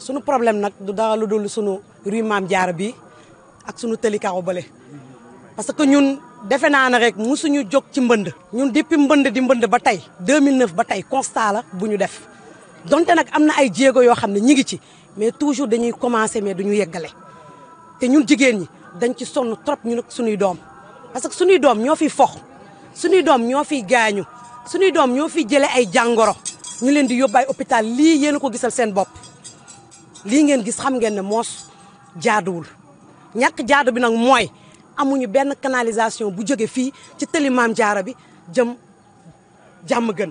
sunu problème nag du dara lu dul sunu rue Mame Diarra bi ak sunu tëli karo bële parce que ñun defe naa ne rek musuñu jóg ci mbënd. ñun depuis mbënd di mbënd ba tey 2009 ba tey constat la bu ñu def donte nag am na ay jéego yoo xam ne ñi ngi ci mais toujours dañuy commencer mais duñu yeggale te ñun jigéen ñi dañ ci sonn trop ñun ak sunuy doom parce que sunuy doom ñoo fiy fox sunuy doom ñoo fiy gaañu suñuy doom ñoo fi jëlee ay jàngoro ñu leen di yóbbaay hôpital lii yéen ko gisal seen bopp lii ngeen gis xam ngeen ne moos jaaduwul ñàkk jaadu bi nag mooy amuñu benn canalisation bu jóge fii ci tëli maam jaara bi jëm jàmm gën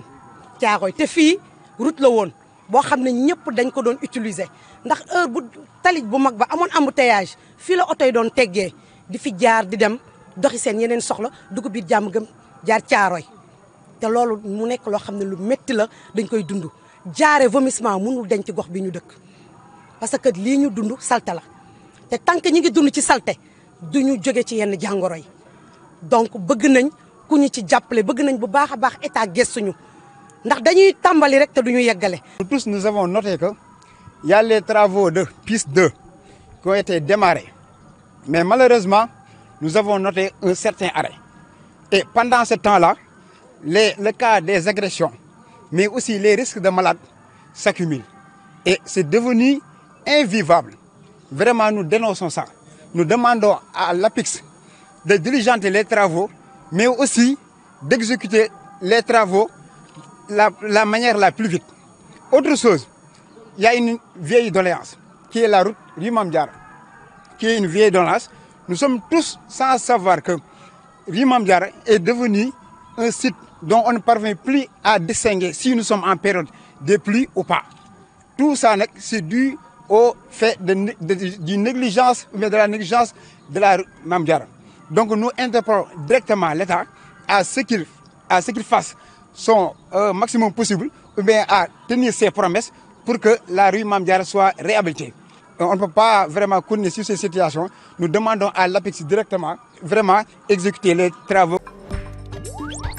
caaxooy te fii route la woon boo xam ne ñëpp dañ ko doon utiliser ndax heure bu talit bu mag ba amoon embouteillage fii la oto yi doon teggee di fi jaar di dem doxi seen yeneen soxla dugub biir jàmm gën jaar caaroy te loolu mu nekk loo xam ne lu métti la dañ koy dundu jaare vomissement mënul ci gox bi ñu dëkk parce que lii ñu dund salte la te tant que ñi ngi dund ci salte du ñu jóge ci yenn jàngoro yi donc bëgg nañ ku ñu ci jàppale bëgg nañ bu baax a baax état gëstuñu ndax dañuy tàmbali rek te du ñu yeggale. tous nous avons noté que y les travaux de piste 2 qui ont été mais malheureusement nous avons noté un certain arrêt pendant ce temps la les, le cas des agressions, mais aussi les risques de malades s'accumulent. Et c'est devenu invivable. Vraiment, nous dénonçons ça. Nous demandons à l'APIX de diligenter les travaux, mais aussi d'exécuter les travaux la, la manière la plus vite. Autre chose, il y a une vieille doléance, qui la route Rimamdiara, qui est une vieille doléance. Nous sommes tous sans savoir que Rimamdiara est devenu un site donc on ne parvient plus à distinguer si nous sommes en période de pluie ou pas. Tout ça, c'est dû au fait de, de, de négligence, mais de la négligence de la Mamdiara. Donc nous interpellons directement l'État à ce qu'il qu fasse sont euh, maximum possible, ou bien à tenir ses promesses pour que la rue Mamdiara soit réhabilitée. Euh, on ne peut pas vraiment connaître sur ces situations. Nous demandons à l'APEX directement, vraiment, exécuter les travaux.